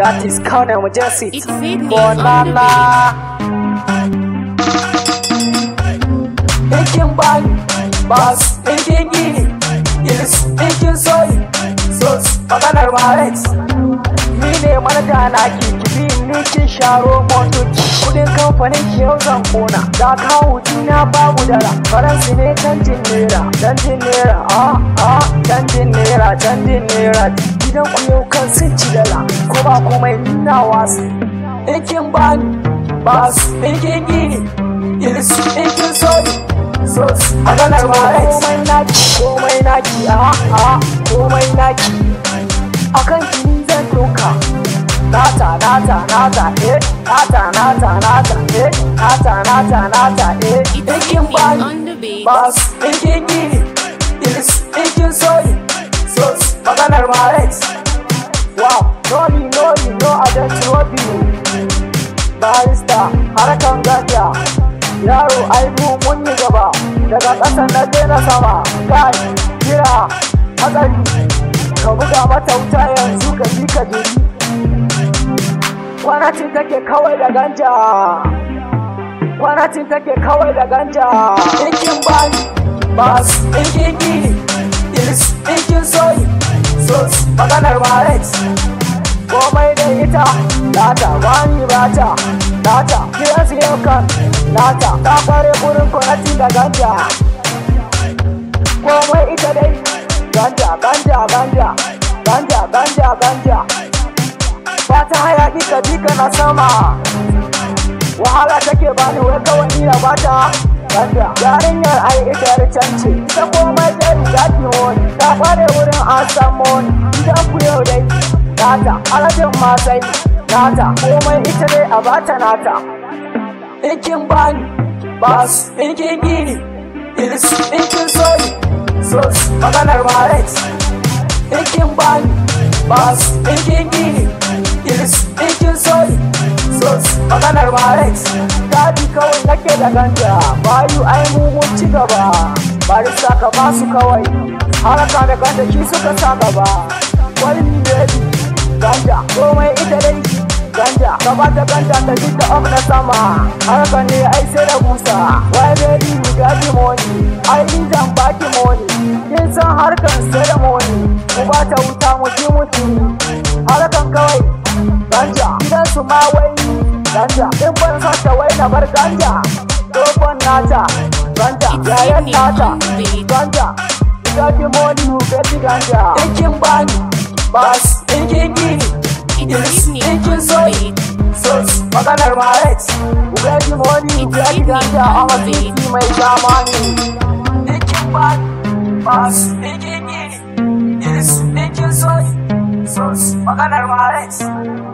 That is Colonel Majestic. It's Sydney. Bonana. Making bang, bus, making gini. Yes, making soy. Sos, maganar Maharet. Ni ne manaja na ki kifi ni kin sharo motoci. Kudin kamfanin ki yau zan kona. Da kawo juna babu dara. Faransi ne canjin naira, canjin naira, ah, ah, canjin naira, canjin naira. Gidan ku yau kan sun ci dala. ko ba komai na wasu in ba ni ba su in kin gini ilsu in kin so so su ah, ah, a ganar ba ma komai naki komai naki a a komai naki kan ki ni zan doka nata nata nata eh nata nata nata eh nata nata nata eh in ba ni ba su in kin gini kaso biyu barista harkan gajiya. yaro aibu mun yi gaba daga ƙasa na daina sama kai kira hatsari ka buga mata wuta yanzu ka ji ka je kwanacin take kawai da ganja kwanacin take kawai da ganja ɗinkin bani masu ɗinkin hani bata nata kiran su yau kan nata ta fare gurin kwanati da ganja komai ita dai ganja ganja ganja ganja ganja ganja fata hayaki ka bi ka na sama wahala take bani wai kawai ina bata ganja yarinyar ai ita ricance ita komai dai zaki wani ta fare wurin an samu wani idan ku yau dai nata alajin masai nata komai ita dai a bata nata ikin bani basu ikin gini irisu in kin soyi maganar maret ikin bani basu ikin gini irisu in kin soyi sosu maganar maret daɗi kawai nake da ganta bayu ai mugun ci gaba bari saka basu kawai haraka da ganta shi suka sa gaba wani ne ganja komai ita dai ganja ka da ganja ta ji ta na sama harka ne ai sai da busa wai beri ni gaji moni ai ni jan baki moni kin san sai da moni. ku ba ta wuta mu ji mutu harkan kawai ganja gidan su ma wai ganja in ban sa ta wai na bar ganja dogon nata ganja yayan nata ganja gaji moni mu gaji ganja kin bani bas gini yes aikin soyi sos maganar maret ugaji moni ya giganta a matsiki mai shamani bas aikin gini yes aikin sos maganar